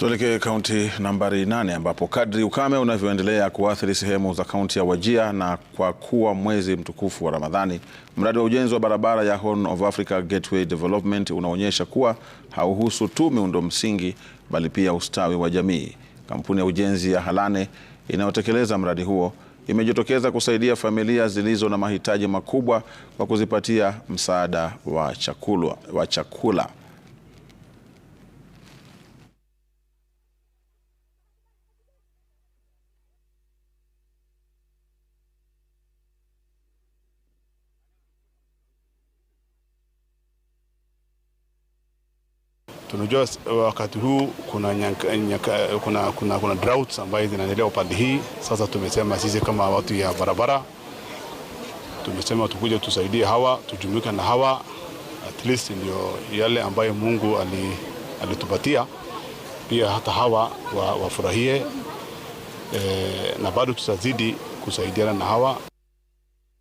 Tuelekee kaunti nambari nane ambapo kadri ukame unavyoendelea kuathiri sehemu za kaunti ya Wajir na kwa kuwa mwezi mtukufu wa Ramadhani, mradi wa ujenzi wa barabara ya Horn of Africa Gateway Development unaonyesha kuwa hauhusu tu miundo msingi bali pia ustawi wa jamii. Kampuni ya ujenzi ya Halane inayotekeleza mradi huo imejitokeza kusaidia familia zilizo na mahitaji makubwa kwa kuzipatia msaada wa chakula. Tunajua eh, wakati huu kuna, nyaka, nyaka, kuna, kuna, kuna droughts ambayo zinaendelea upande hii. Sasa tumesema sisi kama watu ya barabara tumesema tukuje tusaidie hawa, tujumuike na hawa, at least ndio yale ambayo Mungu alitupatia ali pia hata hawa wafurahie wa eh, e, na bado tutazidi kusaidiana na hawa.